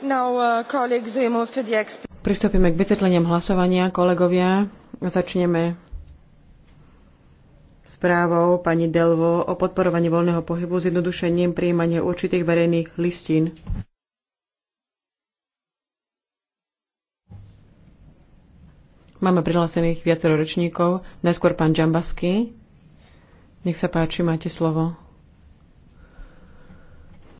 Uh, Pristúpime k vysvetleniam hlasovania, kolegovia. Začneme správou pani Delvo o podporovaní voľného pohybu s jednodušením príjmania určitých verejných listín. Máme prihlásených viacero ročníkov. Najskôr pán Džambasky. Nech sa páči, máte slovo.